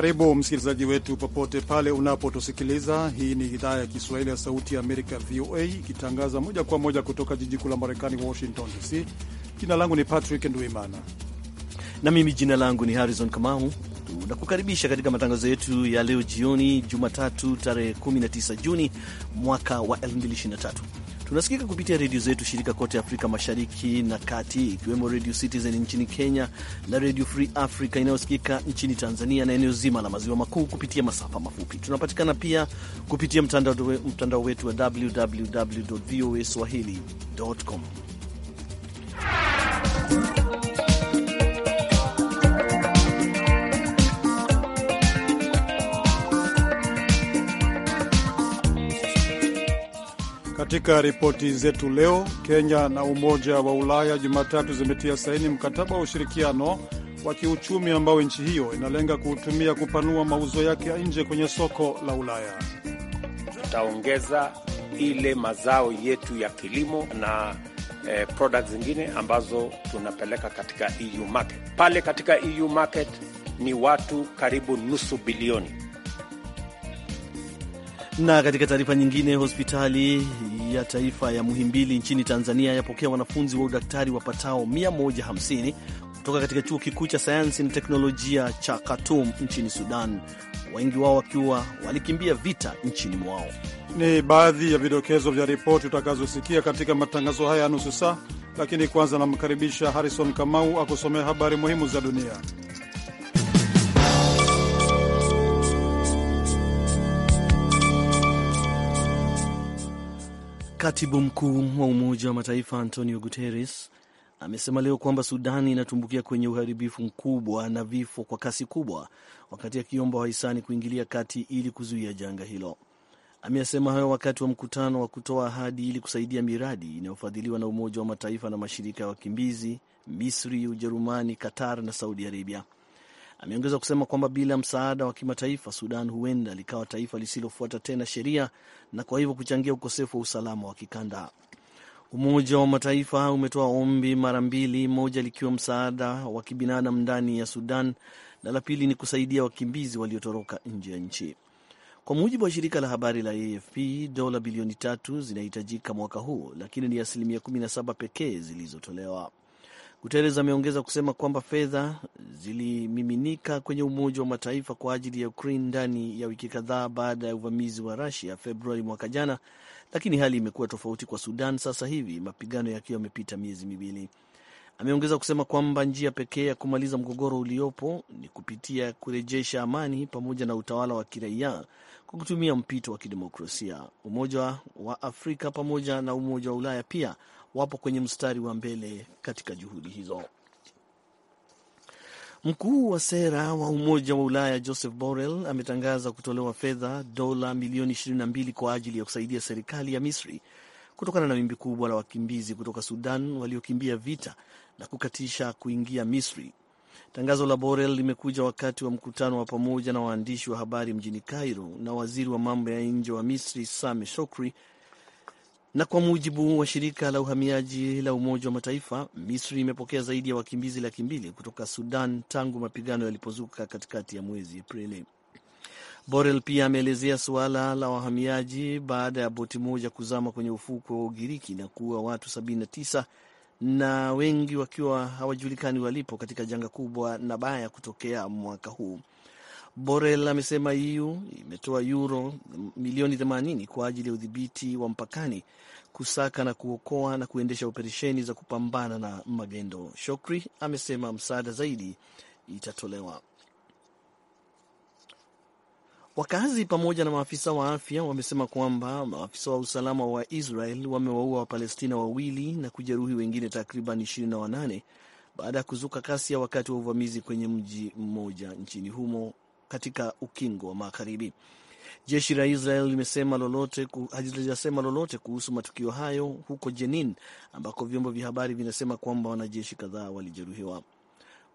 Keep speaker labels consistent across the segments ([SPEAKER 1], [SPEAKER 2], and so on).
[SPEAKER 1] Karibu msikilizaji wetu popote pale unapotusikiliza. Hii ni idhaa ya Kiswahili ya Sauti ya Amerika, VOA, ikitangaza moja kwa moja kutoka jiji kuu la Marekani, Washington
[SPEAKER 2] DC. Jina langu ni Patrick Nduimana na mimi jina langu ni Harrison Kamau. Tunakukaribisha katika matangazo yetu ya leo jioni, Jumatatu tarehe 19 Juni mwaka wa 2023. Tunasikika kupitia redio zetu shirika kote Afrika Mashariki na Kati, ikiwemo Radio Citizen nchini Kenya na Radio Free Africa inayosikika nchini Tanzania na eneo zima la maziwa makuu kupitia masafa mafupi. Tunapatikana pia kupitia mtandao mtanda wetu wa www voa swahili.com.
[SPEAKER 1] Katika ripoti zetu leo, Kenya na Umoja wa Ulaya Jumatatu zimetia saini mkataba wa ushirikiano wa kiuchumi ambao nchi hiyo inalenga kuutumia kupanua mauzo yake ya nje kwenye soko la Ulaya.
[SPEAKER 3] Tutaongeza ile mazao yetu ya kilimo na eh, zingine ambazo tunapeleka katika EU market. Pale katika EU market ni watu karibu nusu bilioni.
[SPEAKER 2] Na katika taarifa nyingine, hospitali ya taifa ya Muhimbili nchini Tanzania yapokea wanafunzi wa udaktari wapatao 150 kutoka katika chuo kikuu cha sayansi na teknolojia cha Khartoum nchini Sudan, wengi wao wakiwa walikimbia vita nchini mwao.
[SPEAKER 1] Ni baadhi ya vidokezo vya ripoti utakazosikia katika matangazo haya ya nusu saa, lakini kwanza namkaribisha Harrison Kamau akusomea habari muhimu za dunia.
[SPEAKER 2] Katibu mkuu wa Umoja wa Mataifa Antonio Guterres amesema leo kwamba Sudan inatumbukia kwenye uharibifu mkubwa na vifo kwa kasi kubwa, wakati akiomba wahisani kuingilia kati ili kuzuia janga hilo. Ameyasema hayo wakati wa mkutano wa kutoa ahadi ili kusaidia miradi inayofadhiliwa na Umoja wa Mataifa na mashirika ya wakimbizi Misri, Ujerumani, Qatar na Saudi Arabia. Ameongeza kusema kwamba bila msaada wa kimataifa, Sudan huenda likawa taifa lisilofuata tena sheria na kwa hivyo kuchangia ukosefu wa usalama wa kikanda. Umoja wa Mataifa umetoa ombi mara mbili, moja likiwa msaada wa kibinadamu ndani ya Sudan na la pili ni kusaidia wakimbizi waliotoroka nje ya nchi. Kwa mujibu wa shirika la habari la AFP, dola bilioni tatu zinahitajika mwaka huu, lakini ni asilimia 17 pekee zilizotolewa. Guterres ameongeza kusema kwamba fedha zilimiminika kwenye Umoja wa Mataifa kwa ajili ya Ukraine ndani ya wiki kadhaa baada ya uvamizi wa rasia Februari mwaka jana, lakini hali imekuwa tofauti kwa Sudan sasa hivi, mapigano yakiwa yamepita miezi miwili. Ameongeza kusema kwamba njia pekee ya kumaliza mgogoro uliopo ni kupitia kurejesha amani pamoja na utawala wa kiraia kwa kutumia mpito wa kidemokrasia. Umoja wa Afrika pamoja na Umoja wa Ulaya pia wapo kwenye mstari wa mbele katika juhudi hizo. Mkuu wa sera wa Umoja wa Ulaya Joseph Borrell ametangaza kutolewa fedha dola milioni 22 kwa ajili ya kusaidia serikali ya Misri kutokana na wimbi kubwa la wakimbizi kutoka Sudan waliokimbia vita na kukatisha kuingia Misri. Tangazo la Borrell limekuja wakati wa mkutano wa pamoja na waandishi wa habari mjini Cairo na waziri wa mambo ya nje wa Misri Sami Shokri na kwa mujibu wa shirika la uhamiaji la Umoja wa Mataifa, Misri imepokea zaidi ya wakimbizi laki mbili kutoka Sudan tangu mapigano yalipozuka katikati ya mwezi Aprili. Borel pia ameelezea suala la wahamiaji baada ya boti moja kuzama kwenye ufukwe wa Ugiriki na kuua watu 79 na wengi wakiwa hawajulikani walipo katika janga kubwa na baya kutokea mwaka huu. Borrell amesema EU imetoa euro milioni 80 kwa ajili ya udhibiti wa mpakani, kusaka na kuokoa na kuendesha operesheni za kupambana na magendo. Shokri amesema msaada zaidi itatolewa. Wakazi pamoja na maafisa wa afya wamesema kwamba maafisa wa usalama wa Israel wamewaua Wapalestina wawili na kujeruhi wengine takriban 28 baada ya kuzuka kasi ya wakati wa uvamizi kwenye mji mmoja nchini humo katika ukingo wa magharibi. Jeshi la Israel limesema lolote, halijasema lolote kuhusu matukio hayo huko Jenin, ambako vyombo vya habari vinasema kwamba wanajeshi kadhaa walijeruhiwa.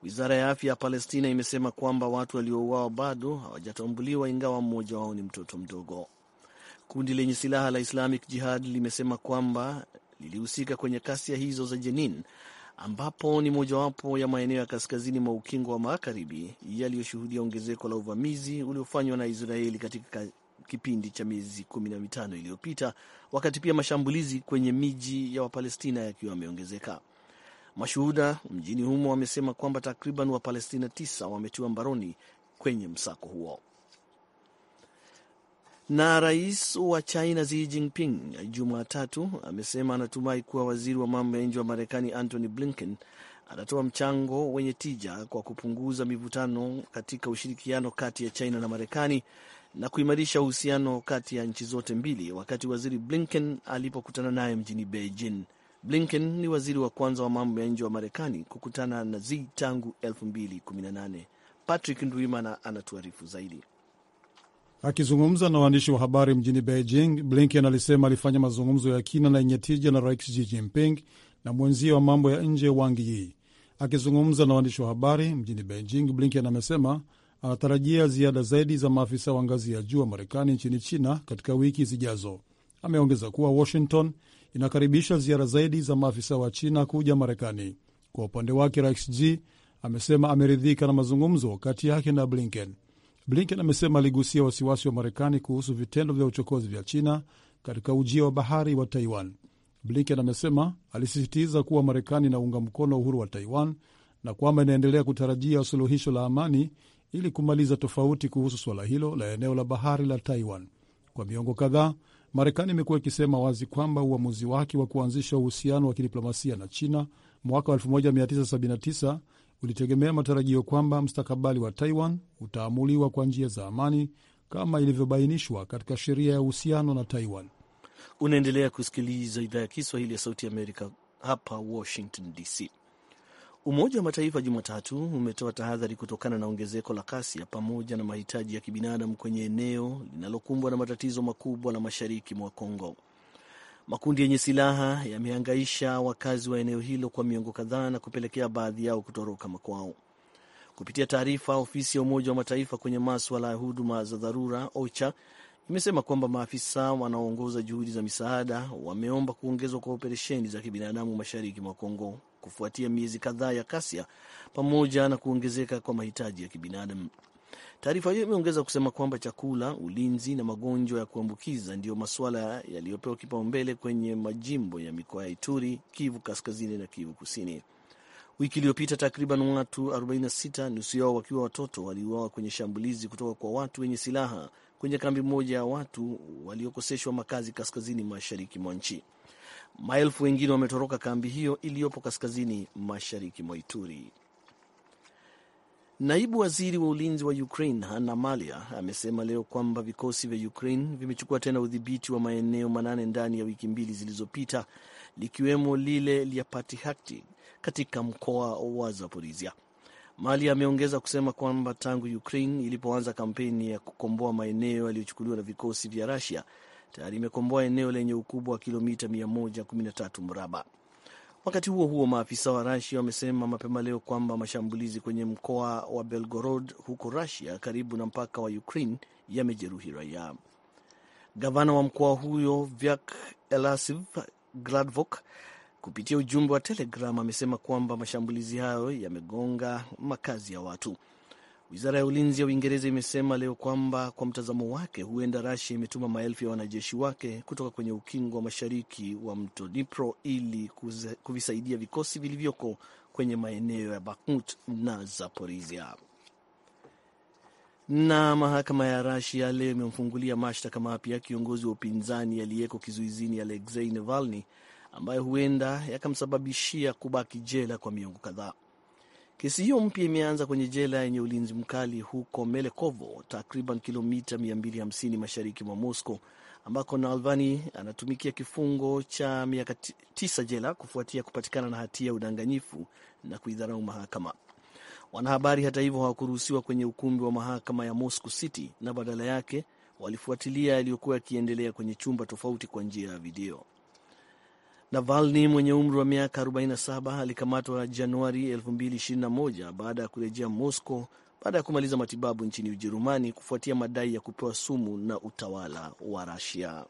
[SPEAKER 2] Wizara ya afya ya Palestina imesema kwamba watu waliouawa bado hawajatambuliwa, ingawa mmoja wao ni mtoto mdogo. Kundi lenye silaha la Islamic Jihad limesema kwamba lilihusika kwenye kasia hizo za Jenin ambapo ni mojawapo ya maeneo ya kaskazini mwa ukingo wa magharibi yaliyoshuhudia ongezeko la uvamizi uliofanywa na Israeli katika kipindi cha miezi kumi na mitano iliyopita, wakati pia mashambulizi kwenye miji ya Wapalestina yakiwa yameongezeka. Mashuhuda mjini humo wamesema kwamba takriban Wapalestina tisa wametiwa mbaroni kwenye msako huo. Na rais wa China Xi Jinping Jumatatu amesema anatumai kuwa waziri wa mambo ya nje wa Marekani Antony Blinken atatoa mchango wenye tija kwa kupunguza mivutano katika ushirikiano kati ya China na Marekani na kuimarisha uhusiano kati ya nchi zote mbili, wakati waziri Blinken alipokutana naye mjini Beijing. Blinken ni waziri wa kwanza wa mambo ya nje wa Marekani kukutana na Xi tangu 2018. Patrick Ndwimana anatuarifu zaidi.
[SPEAKER 1] Akizungumza na waandishi wa habari mjini Beijing, Blinken alisema alifanya mazungumzo ya kina na yenye tija na Rais Xi Jinping na mwenzie wa mambo ya nje Wang Yi. Akizungumza na waandishi wa habari mjini Beijing, Blinken amesema anatarajia ziada zaidi za maafisa wa ngazi ya juu wa Marekani nchini China katika wiki zijazo. Ameongeza kuwa Washington inakaribisha ziara zaidi za maafisa wa China kuja Marekani. Kwa upande wake, Rais Xi amesema ameridhika na mazungumzo kati yake na Blinken. Blinken amesema aligusia wasiwasi wa Marekani kuhusu vitendo vya uchokozi vya China katika ujia wa bahari wa Taiwan. Blinken amesema alisisitiza kuwa Marekani inaunga mkono uhuru wa Taiwan na kwamba inaendelea kutarajia suluhisho la amani ili kumaliza tofauti kuhusu suala hilo la eneo la bahari la Taiwan. Kwa miongo kadhaa, Marekani imekuwa ikisema wazi kwamba uamuzi wake wa kuanzisha uhusiano wa kidiplomasia na China mwaka 1979 ulitegemea matarajio kwamba mstakabali wa Taiwan utaamuliwa kwa njia za amani kama ilivyobainishwa katika sheria ya uhusiano na Taiwan.
[SPEAKER 2] Unaendelea kusikiliza idhaa ya Kiswahili ya Sauti ya Amerika hapa Washington DC. Umoja wa Mataifa Jumatatu umetoa tahadhari kutokana na ongezeko la kasi pamoja na mahitaji ya kibinadamu kwenye eneo linalokumbwa na matatizo makubwa la mashariki mwa congo Makundi yenye silaha yamehangaisha wakazi wa eneo hilo kwa miongo kadhaa na kupelekea baadhi yao kutoroka makwao. Kupitia taarifa, ofisi ya Umoja wa Mataifa kwenye maswala ya huduma za dharura OCHA imesema kwamba maafisa wanaoongoza juhudi za misaada wameomba kuongezwa kwa operesheni za kibinadamu mashariki mwa Kongo kufuatia miezi kadhaa ya kasia pamoja na kuongezeka kwa mahitaji ya kibinadamu. Taarifa hiyo imeongeza kusema kwamba chakula, ulinzi na magonjwa ya kuambukiza ndiyo masuala yaliyopewa kipaumbele kwenye majimbo ya mikoa ya Ituri, Kivu Kaskazini na Kivu Kusini. Wiki iliyopita takriban watu 46 nusu yao wakiwa watoto waliuawa kwenye shambulizi kutoka kwa watu wenye silaha kwenye kambi moja ya watu waliokoseshwa makazi kaskazini mashariki mwa nchi. Maelfu wengine wametoroka kambi hiyo iliyopo kaskazini mashariki mwa Ituri. Naibu waziri wa ulinzi wa Ukraine Hanna Malia amesema leo kwamba vikosi vya Ukraine vimechukua tena udhibiti wa maeneo manane ndani ya wiki mbili zilizopita, likiwemo lile lya Patihakti katika mkoa wa Zaporizhia. Malia ameongeza kusema kwamba tangu Ukraine ilipoanza kampeni ya kukomboa maeneo yaliyochukuliwa na vikosi vya Rusia, tayari imekomboa eneo lenye ukubwa wa kilomita 113 mraba. Wakati huo huo, maafisa wa Rasia wamesema mapema leo kwamba mashambulizi kwenye mkoa wa Belgorod huko Rasia, karibu na mpaka wa Ukraine, yamejeruhi raia. Gavana wa mkoa huyo Vyak Elasiv gladvok kupitia ujumbe wa Telegram amesema kwamba mashambulizi hayo yamegonga makazi ya watu. Wizara ya ulinzi ya Uingereza imesema leo kwamba kwa mtazamo wake, huenda Rasia imetuma maelfu ya wanajeshi wake kutoka kwenye ukingo wa mashariki wa mto Dnipro ili kuvisaidia vikosi vilivyoko kwenye maeneo ya Bakhmut na Zaporizhia. Na mahakama ya Rasia leo imemfungulia mashtaka mapya kiongozi wa upinzani aliyeko kizuizini Alexei Navalny ambayo huenda yakamsababishia kubaki jela kwa miongo kadhaa. Kesi hiyo mpya imeanza kwenye jela yenye ulinzi mkali huko Melekovo, takriban kilomita 250 mashariki mwa Moscow, ambako Navalny anatumikia kifungo cha miaka tisa jela kufuatia kupatikana na hatia ya udanganyifu na kuidharau mahakama. Wanahabari hata hivyo hawakuruhusiwa kwenye ukumbi wa mahakama ya Moscow City na badala yake walifuatilia yaliyokuwa yakiendelea kwenye chumba tofauti kwa njia ya video. Navalny mwenye umri wa miaka 47 alikamatwa Januari 2021 baada ya kurejea Moscow baada ya kumaliza matibabu nchini Ujerumani kufuatia madai ya kupewa sumu na utawala wa Rusia.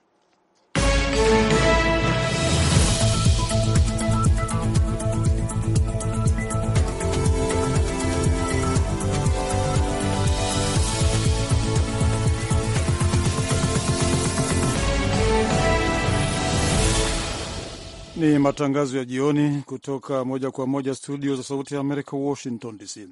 [SPEAKER 1] Ni matangazo ya jioni kutoka moja kwa moja studio za Sauti ya Amerika, Washington DC.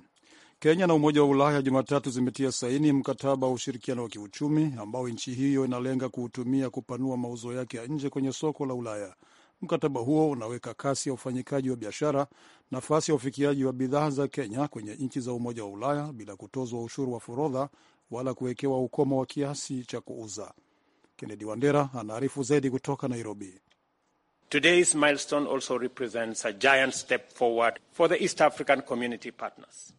[SPEAKER 1] Kenya na Umoja wa Ulaya Jumatatu zimetia saini mkataba wa ushirikiano wa kiuchumi ambao nchi hiyo inalenga kuhutumia kupanua mauzo yake ya nje kwenye soko la Ulaya. Mkataba huo unaweka kasi ya ufanyikaji wa biashara, nafasi ya ufikiaji wa bidhaa za Kenya kwenye nchi za Umoja wa Ulaya bila kutozwa ushuru wa forodha wala kuwekewa ukomo wa kiasi cha kuuza. kennedi Wandera anaarifu
[SPEAKER 4] zaidi kutoka Nairobi.
[SPEAKER 3] Today's milestone also represents a giant step forward for the East African community partners.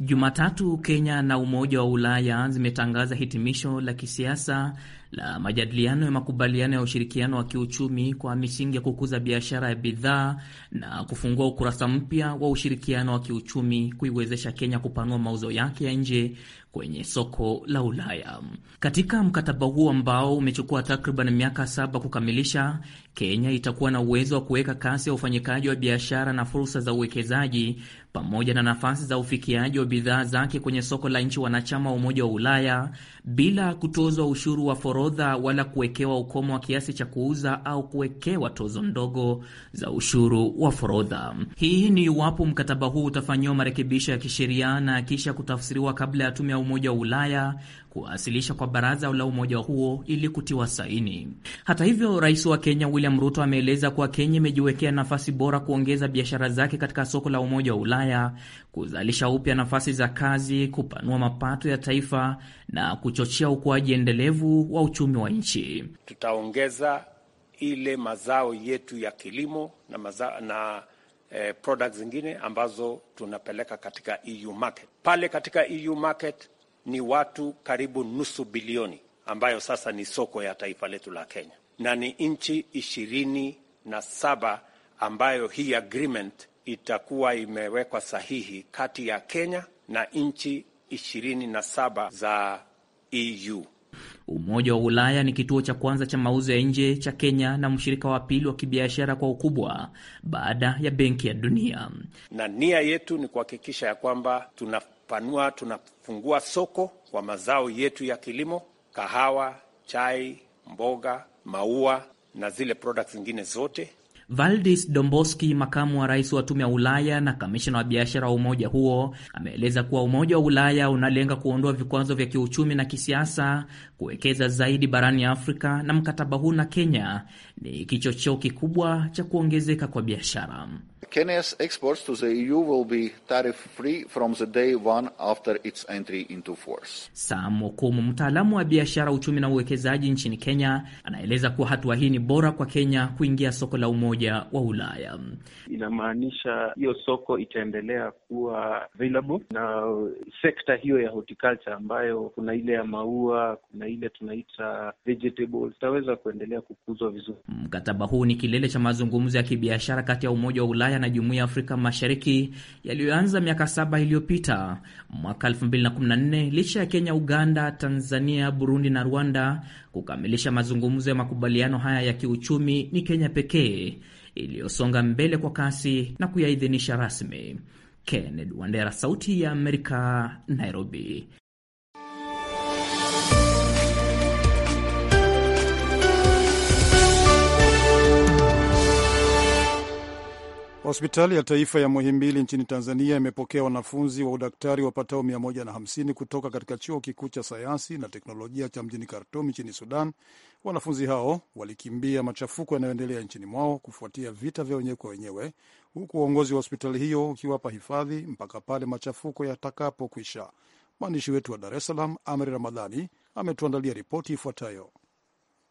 [SPEAKER 4] Jumatatu Kenya na Umoja wa Ulaya zimetangaza hitimisho la kisiasa la majadiliano ya makubaliano ya ushirikiano wa kiuchumi kwa misingi ya kukuza biashara ya bidhaa na kufungua ukurasa mpya wa ushirikiano wa kiuchumi kuiwezesha Kenya kupanua mauzo yake ya nje kwenye soko la Ulaya. Katika mkataba huu ambao umechukua takriban miaka saba kukamilisha, Kenya itakuwa na uwezo wa kuweka kasi ya ufanyikaji wa biashara na fursa za uwekezaji pamoja na nafasi za ufikiaji wa bidhaa zake kwenye soko la nchi wanachama wa Umoja wa Ulaya bila kutozwa ushuru wa forodha wala kuwekewa ukomo wa kiasi cha kuuza au kuwekewa tozo ndogo za ushuru wa forodha. Hii ni iwapo mkataba huu utafanyiwa marekebisho ya kisheria na kisha kutafsiriwa kabla ya tume ya Umoja wa Ulaya kuwasilisha kwa baraza la umoja huo ili kutiwa saini. Hata hivyo, rais wa Kenya William Ruto ameeleza kuwa Kenya imejiwekea nafasi bora kuongeza biashara zake katika soko la Umoja wa Ulaya, kuzalisha upya nafasi za kazi, kupanua mapato ya taifa na kuchochea ukuaji endelevu wa uchumi wa nchi. Tutaongeza
[SPEAKER 3] ile mazao yetu ya kilimo na mazao, na eh, products zingine ambazo tunapeleka katika EU market. Pale katika EU market ni watu karibu nusu bilioni ambayo sasa ni soko ya taifa letu la Kenya, na ni nchi ishirini na saba ambayo hii agreement itakuwa imewekwa sahihi kati ya Kenya na nchi ishirini na saba za EU.
[SPEAKER 4] Umoja wa Ulaya ni kituo cha kwanza cha mauzo ya nje cha Kenya na mshirika wa pili wa kibiashara kwa ukubwa baada ya Benki ya Dunia.
[SPEAKER 3] Na nia yetu ni kuhakikisha ya kwamba tunapanua, tunafungua soko kwa mazao yetu ya kilimo, kahawa, chai, mboga, maua na zile products zingine zote
[SPEAKER 4] Valdis Domboski, makamu wa rais wa tume ya Ulaya na kamishina wa biashara wa umoja huo, ameeleza kuwa umoja wa Ulaya unalenga kuondoa vikwazo vya kiuchumi na kisiasa, kuwekeza zaidi barani Afrika, na mkataba huu na Kenya ni kichocheo kikubwa cha kuongezeka kwa biashara. Kenya's
[SPEAKER 5] exports to the EU will be tariff free from the day one after its entry into
[SPEAKER 4] force. Sam Mokomu, mtaalamu wa biashara, uchumi na uwekezaji nchini Kenya, anaeleza kuwa hatua hii ni bora kwa Kenya kuingia soko la Umoja wa Ulaya.
[SPEAKER 3] Inamaanisha hiyo soko itaendelea kuwa available na sekta hiyo ya horticulture ambayo kuna ile ya maua, kuna ile tunaita vegetables, itaweza kuendelea kukuzwa
[SPEAKER 4] vizuri. Mkataba huu ni kilele cha mazungumzo ya kibiashara kati ya Umoja wa Ulaya na Jumuiya ya Afrika Mashariki yaliyoanza miaka saba iliyopita mwaka 2014 licha ya Kenya, Uganda, Tanzania, Burundi na Rwanda kukamilisha mazungumzo ya makubaliano haya ya kiuchumi, ni Kenya pekee iliyosonga mbele kwa kasi na kuyaidhinisha rasmi. Kenneth Wandera, Sauti ya Amerika, Nairobi.
[SPEAKER 1] Hospitali ya Taifa ya Muhimbili nchini Tanzania imepokea wanafunzi wa udaktari wapatao 150 kutoka katika Chuo Kikuu cha Sayansi na Teknolojia cha mjini Khartoum nchini Sudan. Wanafunzi hao walikimbia machafuko yanayoendelea nchini mwao kufuatia vita vya wenyewe kwa wenyewe, huku uongozi wa hospitali hiyo ukiwapa hifadhi mpaka pale machafuko yatakapokwisha. Mwandishi wetu wa Dar es Salaam, Amri Ramadhani, ametuandalia ripoti ifuatayo.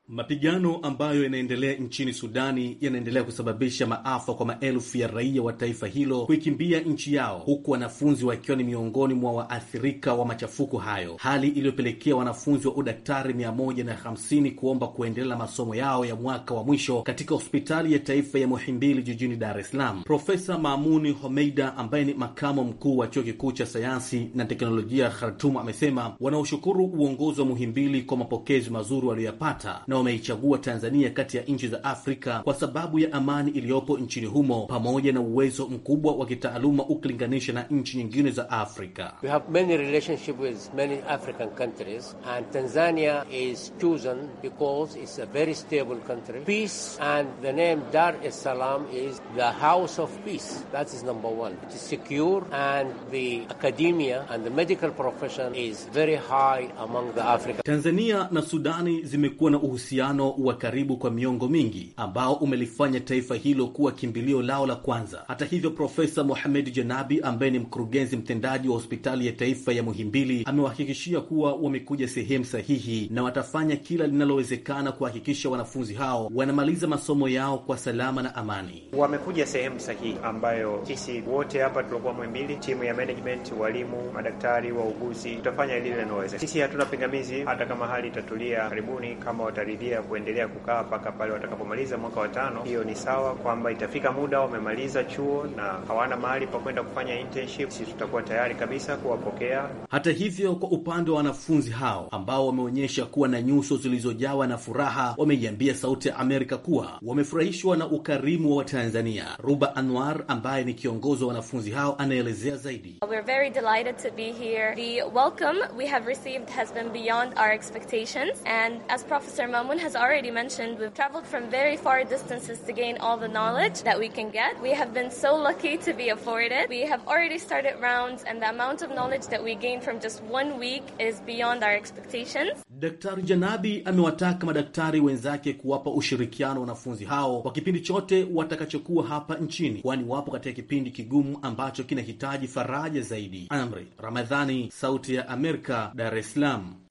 [SPEAKER 6] Mapigano ambayo yanaendelea nchini Sudani yanaendelea kusababisha maafa kwa maelfu ya raia wa taifa hilo kuikimbia nchi yao, huku wanafunzi wakiwa ni miongoni mwa waathirika wa machafuko hayo, hali iliyopelekea wanafunzi wa udaktari 150 kuomba kuendelea na masomo yao ya mwaka wa mwisho katika hospitali ya taifa ya Muhimbili jijini Dar es Salaam. Profesa Maamuni Homeida ambaye ni makamo mkuu wa chuo kikuu cha sayansi na teknolojia Khartum amesema wanaoshukuru uongozi wa Muhimbili kwa mapokezi mazuri walioyapata na na wameichagua Tanzania kati ya nchi za Afrika kwa sababu ya amani iliyopo nchini humo pamoja na uwezo mkubwa wa kitaaluma ukilinganisha na nchi nyingine za Afrika.
[SPEAKER 3] We have many relationship with many African countries and Tanzania is chosen because it's a very stable country. Peace and the name Dar es Salaam is the house of peace. That is number one. It is secure and the academia and the medical profession is very high among the Africa.
[SPEAKER 6] Tanzania na Sudani zimekuwa na uhusiano uhusiano wa karibu kwa miongo mingi ambao umelifanya taifa hilo kuwa kimbilio lao la kwanza. Hata hivyo, Profesa Mohamed Janabi ambaye ni mkurugenzi mtendaji wa hospitali ya taifa ya Muhimbili amewahakikishia kuwa wamekuja sehemu sahihi na watafanya kila linalowezekana kuhakikisha wanafunzi hao wanamaliza masomo yao kwa salama na amani.
[SPEAKER 3] Wamekuja sehemu sahihi ambayo sisi wote hapa tuliokuwa Muhimbili, timu ya management, walimu, madaktari, wauguzi, tutafanya lile Sisi hatuna pingamizi, hata kama hali itatulia karibuni, kama watalii kusudia kuendelea kukaa mpaka pale watakapomaliza mwaka wa tano. Hiyo ni sawa kwamba itafika muda wamemaliza chuo na hawana mahali pa kwenda kufanya internship, sisi tutakuwa tayari kabisa kuwapokea.
[SPEAKER 6] Hata hivyo, kwa upande wa wanafunzi hao ambao wameonyesha kuwa na nyuso zilizojawa na furaha, wameiambia Sauti ya Amerika kuwa wamefurahishwa na ukarimu wa Watanzania. Ruba Anwar ambaye ni kiongozi wa wanafunzi hao anaelezea zaidi.
[SPEAKER 3] We're very delighted to be here. The welcome we have received has been beyond our expectations and as Professor Mamun has already mentioned, we've traveled from very far distances to gain all the knowledge that we can get. We have been so lucky to be afforded. We have already started rounds, and the amount of knowledge that we gain from just one week is beyond our expectations.
[SPEAKER 6] Daktari Janabi amewataka madaktari wenzake kuwapa ushirikiano wanafunzi hao kwa kipindi chote watakachokuwa hapa nchini, kwani wapo katika kipindi kigumu ambacho kinahitaji faraja zaidi. Amri Ramadhani, Sauti ya Amerika, Dar es Salaam.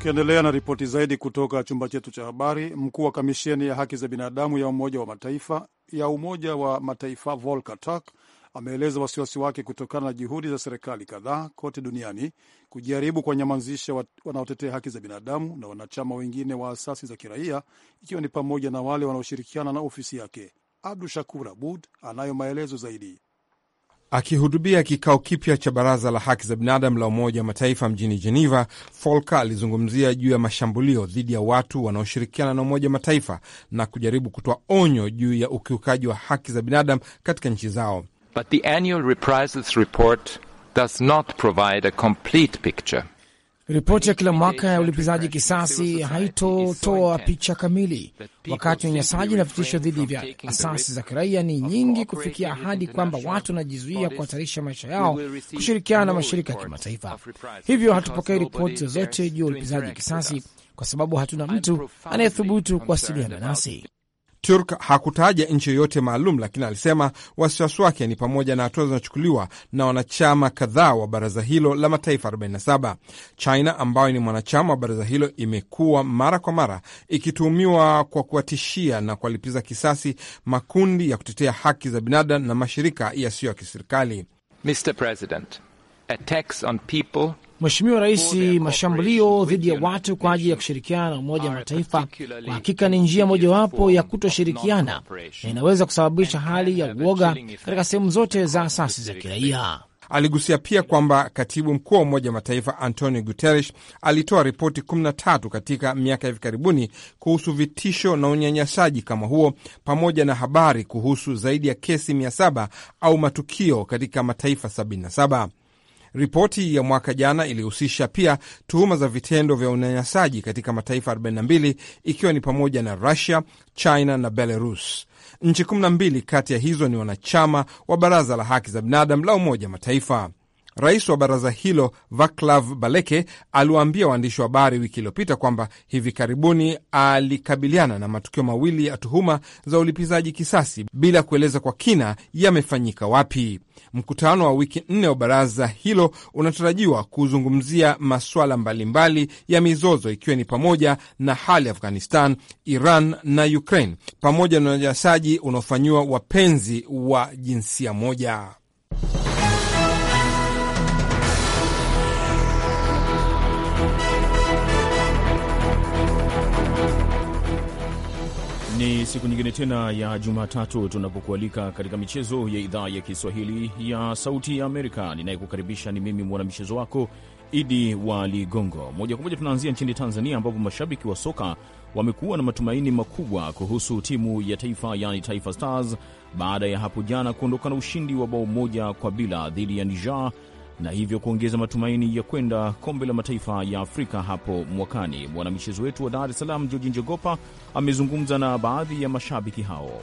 [SPEAKER 1] Tukiendelea na ripoti zaidi kutoka chumba chetu cha habari, mkuu wa kamisheni ya haki za binadamu ya Umoja wa Mataifa ya Umoja wa Mataifa Volker Turk ameeleza wasiwasi wake kutokana na juhudi za serikali kadhaa kote duniani kujaribu kuwanyamazisha wanaotetea haki za binadamu na wanachama wengine wa asasi za kiraia ikiwa ni pamoja na wale wanaoshirikiana na ofisi yake. Abdu Shakur Abud anayo maelezo zaidi.
[SPEAKER 7] Akihutubia kikao kipya cha baraza la haki za binadamu la Umoja wa Mataifa mjini Geneva, Folka alizungumzia juu ya mashambulio dhidi ya watu wanaoshirikiana na Umoja wa Mataifa na kujaribu kutoa onyo juu ya ukiukaji wa haki za binadamu katika nchi zao. But the annual reprisals report does not provide a complete picture. Ripoti ya kila mwaka ya ulipizaji kisasi
[SPEAKER 3] haitotoa picha kamili, wakati unyanyasaji na vitisho dhidi vya asasi za kiraia ni nyingi kufikia ahadi kwamba watu wanajizuia kuhatarisha maisha yao kushirikiana na mashirika ya kimataifa. Hivyo hatupokei ripoti zozote juu ya ulipizaji kisasi, kwa sababu hatuna mtu anayethubutu kuwasiliana nasi.
[SPEAKER 7] Turk hakutaja nchi yoyote maalum, lakini alisema wasiwasi wake ni pamoja na hatua zinachukuliwa na wanachama kadhaa wa baraza hilo la mataifa 47. China ambayo ni mwanachama wa baraza hilo imekuwa mara kwa mara ikituhumiwa kwa kuwatishia na kuwalipiza kisasi makundi ya kutetea haki za binadamu na mashirika yasiyo ya kiserikali. Mr President, attacks on people
[SPEAKER 3] Mheshimiwa Rais, mashambulio dhidi ya watu kwa ajili ya kushirikiana na Umoja wa Mataifa kwa hakika ni njia mojawapo ya kutoshirikiana na inaweza
[SPEAKER 7] kusababisha hali ya uoga katika sehemu zote za asasi za kiraia. Aligusia pia kwamba katibu mkuu wa Umoja wa Mataifa Antonio Guterres alitoa ripoti 13 katika miaka ya hivi karibuni kuhusu vitisho na unyanyasaji kama huo, pamoja na habari kuhusu zaidi ya kesi 700 au matukio katika mataifa 77. Ripoti ya mwaka jana ilihusisha pia tuhuma za vitendo vya unyanyasaji katika mataifa 42 ikiwa ni pamoja na Rusia, China na Belarus. Nchi 12 kati ya hizo ni wanachama wa Baraza la Haki za Binadamu la Umoja Mataifa. Rais wa baraza hilo Vaclav Baleke aliwaambia waandishi wa habari wiki iliyopita kwamba hivi karibuni alikabiliana na matukio mawili ya tuhuma za ulipizaji kisasi bila kueleza kwa kina yamefanyika wapi. Mkutano wa wiki nne wa baraza hilo unatarajiwa kuzungumzia masuala mbalimbali ya mizozo, ikiwa ni pamoja na hali ya Afghanistan, Iran na Ukraine, pamoja na unyanyasaji unaofanyiwa wapenzi wa jinsia moja.
[SPEAKER 5] Ni siku nyingine tena ya Jumatatu tunapokualika katika michezo ya idhaa ya Kiswahili ya Sauti ya Amerika. Ninayekukaribisha ni mimi mwanamichezo wako Idi wa Ligongo. Moja kwa moja tunaanzia nchini Tanzania, ambapo mashabiki wa soka wamekuwa na matumaini makubwa kuhusu timu ya taifa yani Taifa Stars baada ya hapo jana kuondoka na ushindi wa bao moja kwa bila dhidi ya Niger na hivyo kuongeza matumaini ya kwenda kombe la mataifa ya Afrika hapo mwakani. Mwanamichezo wetu wa Dar es Salaam Georgi Njogopa amezungumza na baadhi ya mashabiki hao.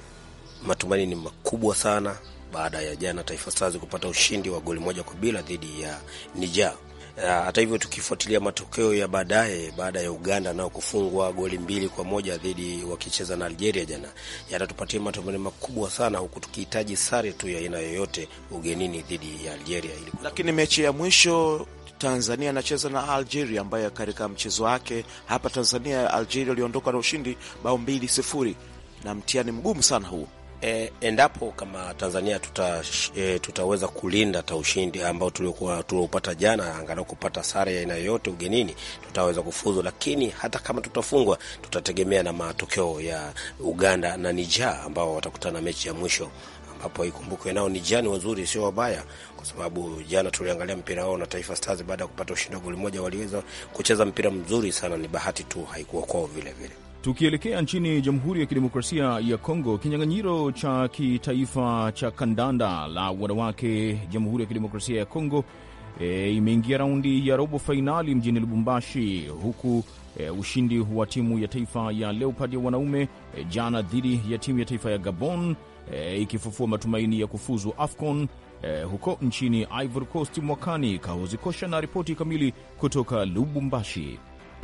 [SPEAKER 3] Matumaini ni makubwa sana baada ya jana Taifa Stars kupata ushindi wa goli moja kwa bila dhidi ya Nija Eh, hata hivyo tukifuatilia matokeo ya baadaye, baada ya Uganda nao kufungwa goli mbili kwa moja dhidi wakicheza na Algeria jana, yatatupatia matumaini makubwa sana, huku tukihitaji sare tu ya aina yoyote ugenini dhidi ya Algeria ili lakini mechi ya mwisho Tanzania anacheza na Algeria ambaye katika mchezo wake hapa Tanzania
[SPEAKER 6] Algeria aliondoka na ushindi bao mbili sifuri na mtihani mgumu sana huu
[SPEAKER 3] E, endapo kama Tanzania tuta, e, tutaweza kulinda ta ushindi ambao tuliokuwa tuliopata jana, angalau kupata sare ya aina yoyote ugenini, tutaweza kufuzu. Lakini hata kama tutafungwa, tutategemea na matokeo ya Uganda na Nija ambao watakutana mechi ya mwisho ambapo ikumbukwe nao ni wazuri, sio wabaya, kwa sababu jana tuliangalia mpira wao na Taifa Stars. Baada ya kupata ushindi wa goli moja, waliweza kucheza mpira mzuri sana, ni bahati tu haikuwa kwao vile vile.
[SPEAKER 5] Tukielekea nchini Jamhuri ya Kidemokrasia ya Kongo, kinyang'anyiro cha kitaifa cha kandanda la wanawake Jamhuri ya Kidemokrasia ya Kongo e, imeingia raundi ya robo fainali mjini Lubumbashi, huku e, ushindi wa timu ya taifa ya Leopard ya wanaume e, jana dhidi ya timu ya taifa ya Gabon e, ikifufua matumaini ya kufuzu AFCON e, huko nchini Ivory Coast mwakani. Kahozi Kosha na ripoti kamili kutoka Lubumbashi.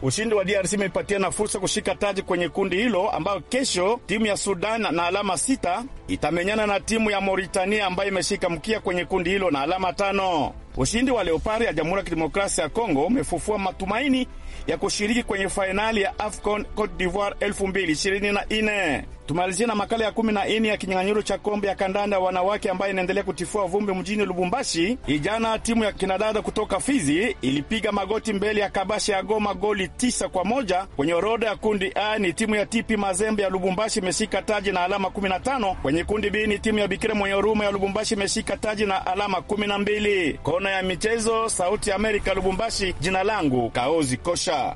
[SPEAKER 5] Ushindi wa DRC imeipatia na fursa kushika taji kwenye kundi hilo, ambayo kesho timu ya Sudan na alama sita itamenyana na timu ya Mauritania ambayo imeshika mkia kwenye kundi hilo na alama tano. Ushindi wa leopard ya Jamhuri ya Kidemokrasia ya Kongo umefufua matumaini ya kushiriki kwenye fainali ya AFCON Cote d'Ivoire 2024. Tumalizie na makala ya kumi na nne ya kinyang'anyiro cha kombe ya kandanda ya wanawake ambayo inaendelea kutifua vumbi mjini Lubumbashi. Ijana timu ya kinadada kutoka Fizi ilipiga magoti mbele ya Kabasha ya Goma goli tisa kwa moja. Kwenye orodha ya kundi A ni timu ya Tipi Mazembe ya Lubumbashi imeshika taji na alama 15. Kwenye kundi B ni timu ya Bikira mwenye huruma ya Lubumbashi imeshika taji na alama 12. Kona ya michezo, Sauti ya Amerika, Lubumbashi. Jina langu Kaozi Kosha.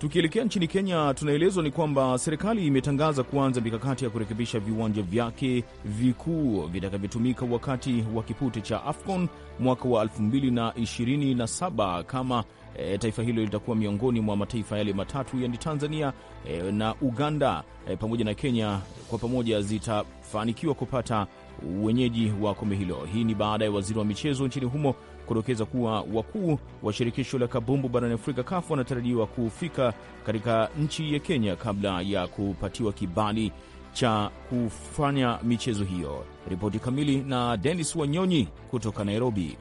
[SPEAKER 5] Tukielekea nchini Kenya, tunaelezwa ni kwamba serikali imetangaza kuanza mikakati ya kurekebisha viwanja vyake vikuu vitakavyotumika wakati wa kipute cha AFCON mwaka wa 2027 kama e, taifa hilo litakuwa miongoni mwa mataifa yale matatu, yani Tanzania e, na Uganda e, pamoja na Kenya kwa pamoja zitafanikiwa kupata uwenyeji wa kombe hilo. Hii ni baada ya waziri wa michezo nchini humo kudokeza kuwa wakuu wa shirikisho la kabumbu barani Afrika CAF wanatarajiwa kufika katika nchi ya Kenya kabla ya kupatiwa kibali cha kufanya michezo hiyo. Ripoti kamili na Denis Wanyonyi kutoka Nairobi.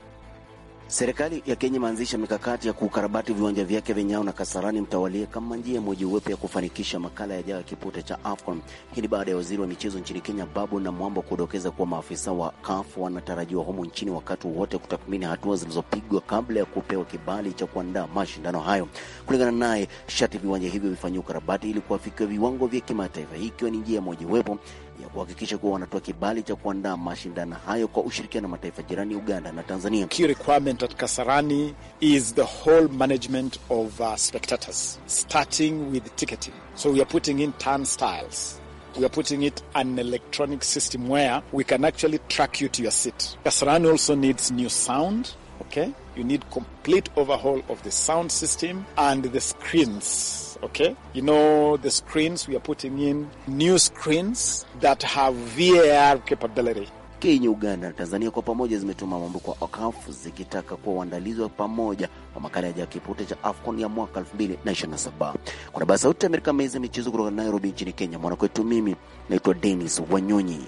[SPEAKER 6] Serikali ya Kenya imeanzisha mikakati ya kukarabati viwanja vyake vya Nyayo na Kasarani mtawalia kama njia moja uwepo ya kufanikisha makala ya jao ya kipute cha AFCON. Hii ni baada ya waziri wa michezo nchini Kenya Babu na Mwamba kudokeza kuwa maafisa wa CAF wanatarajiwa humu nchini wakati wote kutathmini hatua zilizopigwa kabla ya kupewa kibali cha kuandaa mashindano hayo. Kulingana naye, sharti viwanja hivyo vifanyiwe ukarabati ili kuafikia viwango vya kimataifa, hii ikiwa ni njia moja uwepo ya kuhakikisha kuwa wanatoa kibali cha kuandaa mashindano hayo kwa ushirikiano na mataifa jirani Uganda na Tanzania. Key requirement at
[SPEAKER 5] Kasarani is the whole management of uh, spectators starting with ticketing. So we are putting in turnstiles. We are putting it an electronic system where we can actually track you to your seat. Kasarani also needs new sound, okay? You need complete overhaul of the sound system and the screens. phones, okay? You know, the screens, we are putting in new screens that have VAR
[SPEAKER 6] capability. Kenya, Uganda na Tanzania kwa pamoja zimetuma maombi kwa OCAF zikitaka kuwa uandalizi wa pamoja wa makala ya kipute cha AFCON ya mwaka 2027. Kwa niaba ya Sauti ya Amerika, meza michezo kutoka Nairobi nchini Kenya, mwanakwetu mimi naitwa denis Wanyonyi.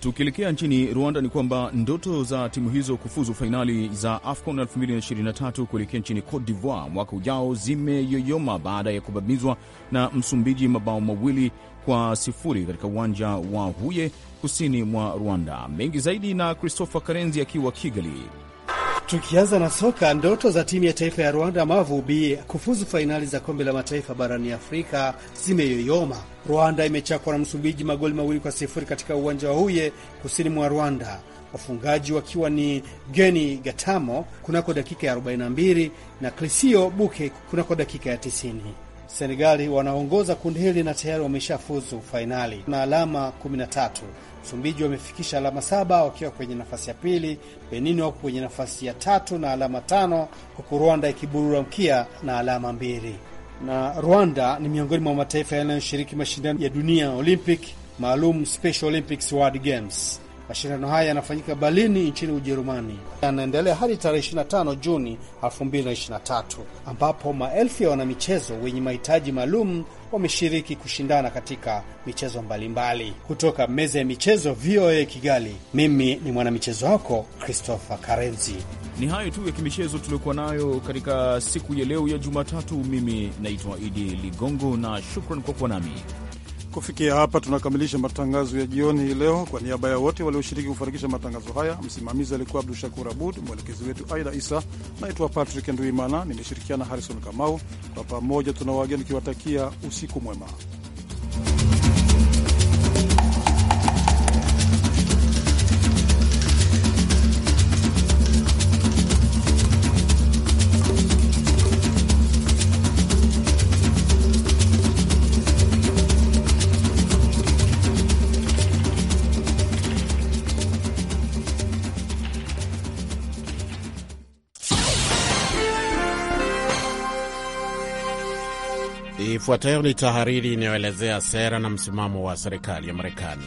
[SPEAKER 5] Tukielekea nchini Rwanda ni kwamba ndoto za timu hizo kufuzu fainali za AFCON 2023 kuelekea nchini Cote d'Ivoire mwaka ujao zimeyoyoma baada ya kubamizwa na Msumbiji mabao mawili kwa sifuri katika uwanja wa Huye kusini mwa Rwanda. Mengi zaidi na Christopher Karenzi akiwa Kigali. Tukianza na
[SPEAKER 8] soka, ndoto za timu ya taifa ya Rwanda Mavubi kufuzu fainali za kombe la mataifa barani Afrika zimeyoyoma. Rwanda imechakwa na Msumbiji magoli mawili kwa sifuri katika uwanja wa Huye kusini mwa Rwanda, wafungaji wakiwa ni Geni Gatamo kunako dakika ya 42 na klisio Buke kunako dakika ya 90. Senegali wanaongoza kundi hili na tayari wameshafuzu fainali na alama 13 Msumbiji wamefikisha alama saba wakiwa kwenye nafasi ya pili. Benin wako kwenye nafasi ya tatu na alama tano, huku Rwanda ikiburura mkia na alama mbili. Na Rwanda ni miongoni mwa mataifa yanayoshiriki mashindano ya dunia Olympic maalum Special Olympics World Games. Mashindano haya yanafanyika Berlini nchini Ujerumani, yanaendelea hadi tarehe 25 Juni 2023 ambapo maelfu ya wanamichezo wenye mahitaji maalum wameshiriki kushindana katika michezo mbalimbali mbali. Kutoka meza ya michezo VOA Kigali, mimi ni mwanamichezo wako Christopher Karenzi.
[SPEAKER 5] Ni hayo tu ya kimichezo tuliokuwa nayo katika siku ya leo ya Jumatatu. Mimi naitwa Idi Ligongo na shukran kwa kuwa nami.
[SPEAKER 1] Kufikia hapa tunakamilisha matangazo ya jioni hii leo. Kwa niaba ya wote walioshiriki kufanikisha matangazo haya, msimamizi alikuwa Abdu Shakur Abud, mwelekezi wetu Aida Isa. Naitwa Patrick Nduimana, nimeshirikiana Harrison Kamau. Kwa pamoja tuna wageni usiku mwema.
[SPEAKER 9] Ifuatayo ni tahariri inayoelezea sera na msimamo wa serikali ya Marekani.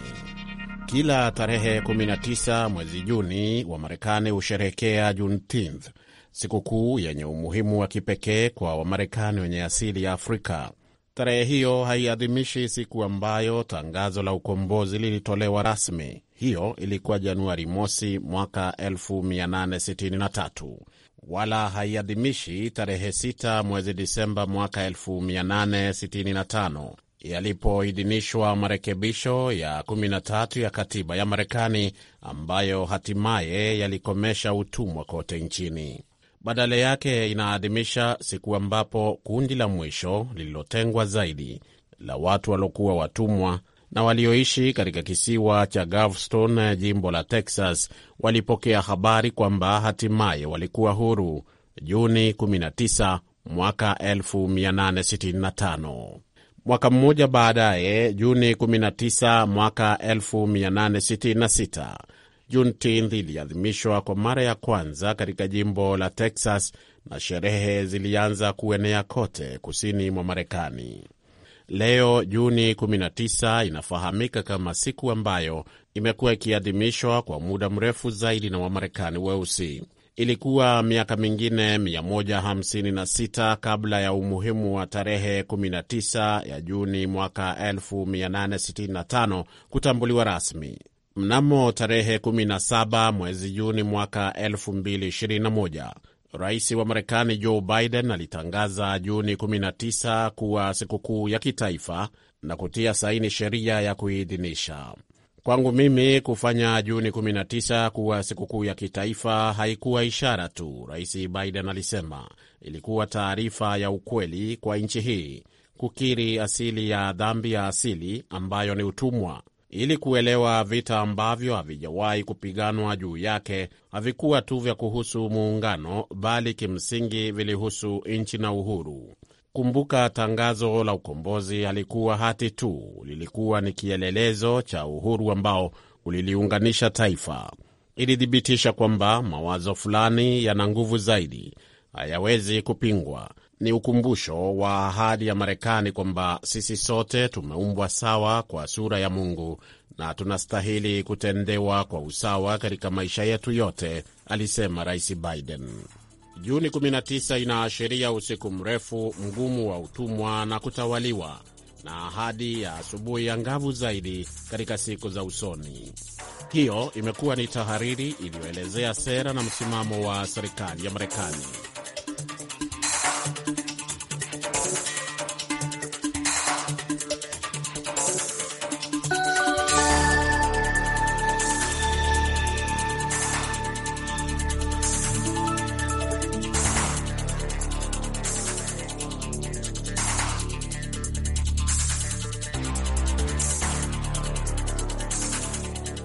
[SPEAKER 9] Kila tarehe 19 mwezi Juni wa Marekani husherekea Juneteenth, sikukuu yenye umuhimu wa kipekee kwa Wamarekani wenye asili ya Afrika. Tarehe hiyo haiadhimishi siku ambayo tangazo la ukombozi lilitolewa rasmi. Hiyo ilikuwa Januari mosi mwaka 1863 wala haiadhimishi tarehe 6 mwezi Disemba mwaka 1865 yalipoidhinishwa marekebisho ya 13 ya katiba ya Marekani ambayo hatimaye yalikomesha utumwa kote nchini. Badala yake inaadhimisha siku ambapo kundi la mwisho lililotengwa zaidi la watu waliokuwa watumwa na walioishi katika kisiwa cha Galveston, jimbo la Texas, walipokea habari kwamba hatimaye walikuwa huru Juni 19 mwaka 1865. Mwaka mmoja baadaye, Juni 19 mwaka 1866, Juneteenth iliadhimishwa kwa mara ya kwanza katika jimbo la Texas na sherehe zilianza kuenea kote kusini mwa Marekani. Leo Juni 19 inafahamika kama siku ambayo imekuwa ikiadhimishwa kwa muda mrefu zaidi na Wamarekani weusi. Ilikuwa miaka mingine 156 kabla ya umuhimu wa tarehe 19 ya Juni mwaka 1865 kutambuliwa rasmi. Mnamo tarehe 17 mwezi Juni mwaka Rais wa Marekani Joe Biden alitangaza Juni 19 kuwa sikukuu ya kitaifa na kutia saini sheria ya kuidhinisha. Kwangu mimi kufanya Juni 19 kuwa sikukuu ya kitaifa haikuwa ishara tu, Rais Biden alisema, ilikuwa taarifa ya ukweli kwa nchi hii, kukiri asili ya dhambi ya asili ambayo ni utumwa ili kuelewa vita ambavyo havijawahi kupiganwa juu yake havikuwa tu vya kuhusu muungano, bali kimsingi vilihusu nchi na uhuru. Kumbuka, tangazo la ukombozi halikuwa hati tu, lilikuwa ni kielelezo cha uhuru ambao uliliunganisha taifa. Ilithibitisha kwamba mawazo fulani yana nguvu zaidi, hayawezi kupingwa ni ukumbusho wa ahadi ya Marekani kwamba sisi sote tumeumbwa sawa kwa sura ya Mungu na tunastahili kutendewa kwa usawa katika maisha yetu yote, alisema Rais Biden. Juni 19 inaashiria usiku mrefu mgumu wa utumwa na kutawaliwa na ahadi ya asubuhi ya ngavu zaidi katika siku za usoni. Hiyo imekuwa ni tahariri iliyoelezea sera na msimamo wa serikali ya Marekani.